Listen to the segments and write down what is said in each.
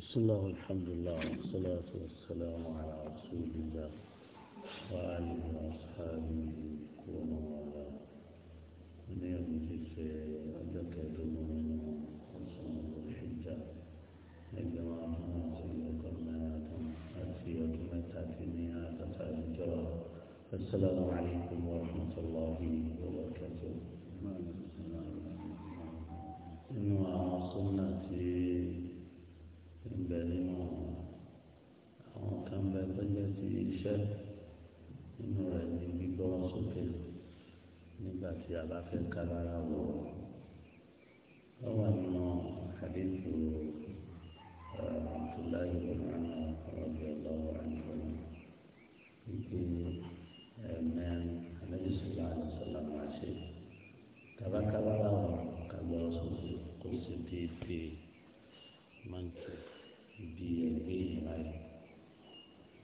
بسم الله والحمد لله والصلاة والسلام على رسول الله وعلى وأصحابه ومن والاه من يوم في أدك دمنا وصوم الحجة عندما أنزلك النهاية أتيت متى في نهاية الجرى السلام عليكم ورحمة الله وبركاته. إنه سنتي bẹ nínú àwọn kan bẹ tó jẹ́ ti iṣẹ́ nínú rẹ̀ ní gbígbọ́ sókè nígbà tí a bá fẹ́ kábàárà wọ̀ ọ́ wà nínú àdéhùn eh, abdullahi bin ana rabi allahu anhu ibi ẹ̀mẹ́rin anabi sọlá alẹ́sọ̀lá máa ṣe tabakabara wọn kagbọ́ sókè kó sì dé dé máa ń tẹ̀ bí ẹgbẹ́ yẹn báyìí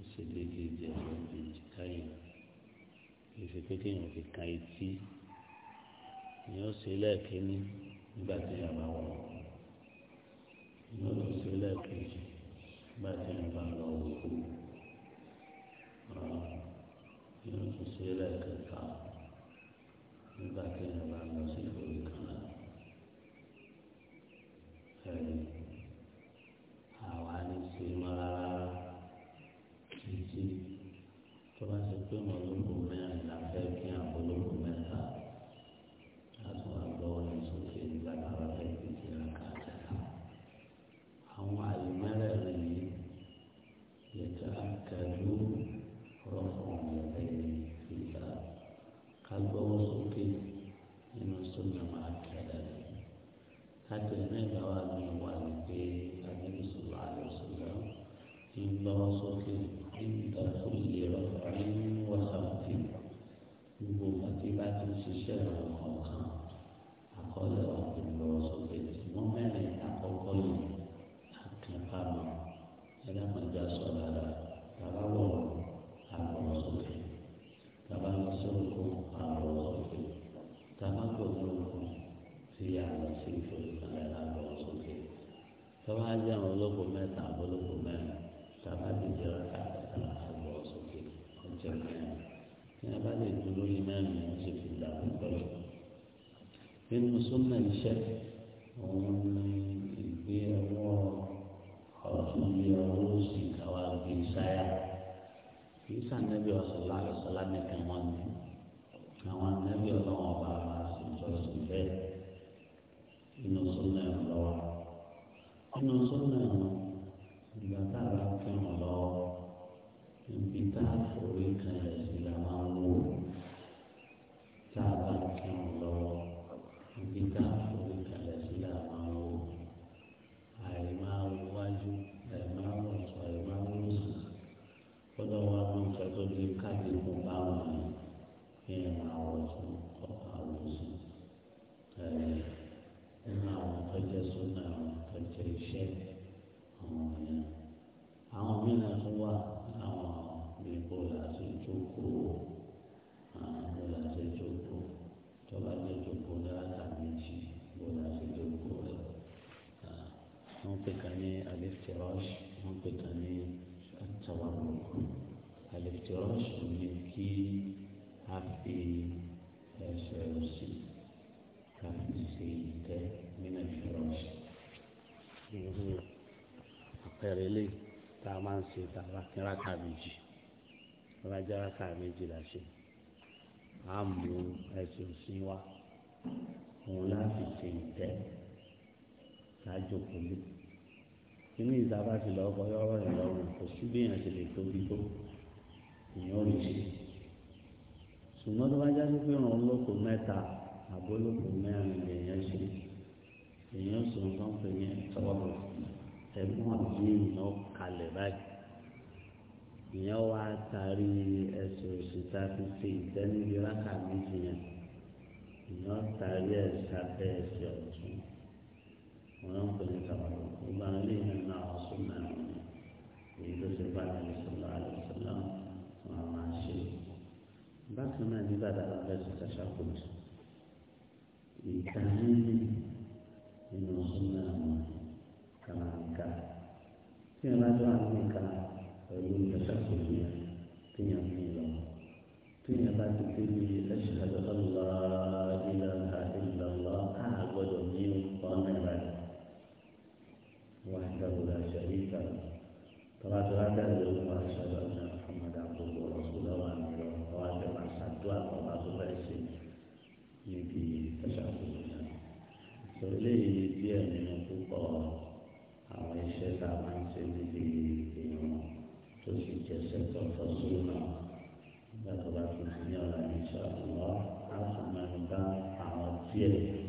ó ṣe déédéé di àwọn ibi ìjìká yìí kì í ṣe pé kéèyàn fi kan etí ni ó ṣe lẹ́ẹ̀kínní nígbà tí yàrá wọ̀ ni ó tún ṣe lẹ́ẹ̀kejì nígbà tí yàrá lọ wò ó ni ó tún ṣe lẹ́ẹ̀kẹta nígbà tí yàrá lọ sí. tẹ̀lé náà wà ní ìwà ní pé àdébísọ̀rọ̀ àdébísọ̀rọ̀ ti ń lọ́wọ́ sókè. yá lọ sí ìforíkalẹ̀ lábẹ́ ọ̀sọ́kè tó bá jẹ́ àwọn olóko mẹ́ta olóko mẹ́rin tó bá ti jẹ́ ọ̀ká lábẹ́ ọ̀sọ́kè ọjọ́ mẹ́rin tí a bá lè dúró ní mẹ́rin ní oṣù fi dà púpọ̀ nínú súnmọ́ iṣẹ́ òun ni ìgbé ọwọ́ ọ̀tún bí ọwọ́ òsì káwá bí sáyà kì í sànẹ́bí ọ̀sán láàrọ̀ sọ́lá nìkan wọn ni àwọn nínú sọ́nà ìgbà tá a bá fẹ́ wọn lọ ibi tá a forí kan rẹ̀ sí la máa ń wò tá a bá fẹ́ lọ ibi tá a. ìtìrọ́ṣù ni kí a fi ẹsẹ̀ òsì ká fi ṣe ìtẹ́ nínú ìtìrọ́ṣù. irú àpẹẹrẹ ilé tá a máa ń ṣe tá a bá kí rákà méjì tá a bá já rákà méjì là ṣe á mú ẹsẹ̀ òsì wá òun láti ṣe ìtẹ́ ṣáájú kò inú ìta bá ti lọ́kọ̀ yọ̀rọ̀ ìlọrin kò sí bí èèyàn ti lè tóbi tó. ṣùgbọ́n tó bá já sí pé ràn án lóko mẹ́ta àbó lóko mẹ́rin lèèyàn ṣe èèyàn sọ nǹkan pè ní tọ́lọ̀ ẹ̀gbọ́n àbí ìyàn kalẹ̀ báyìí ìyẹn wá tari ẹsẹ̀ òsì a fi ṣe ìtẹ́nubí rákà méjì yẹn ìyẹn tari ẹsẹ̀ abẹ́ ẹsẹ̀ ọ̀tún. င်းလာကြအောင်မိကာဘယ်လိုဖြစ်ဆက်ပြီးပြန်ပြီးတော့သူညာတူပြီးအရှိဟဒအလ္လာဟ်အီလာဟ်အီလာလ္လာဟ်အာဘဒုမီဘောနိုင်ပါတယ်ဝန်ဒူလာရှရီကာတရာတရာတဲ့လူမှာဆောတော့မုဟမ္မဒ်ဘုရားရစူလာဝါနီရောဘောတဲ့မှာဆတ်တွတ်ပါဆိုပဲရှိယူပြီးဆက်ဆံပြန်ဆိုလေးပြည့်နေတဲ့ပုပ္ပော àwọn iṣẹ́ tá a máa ń ṣe níbi èèyàn tó sì jẹ́ sẹ́tọ̀ fọ́sọ́rọ́ náà nígbà tó bá tuntun ní ọ̀la ìṣàkóso á tún máa ń bá àwọn díẹ̀.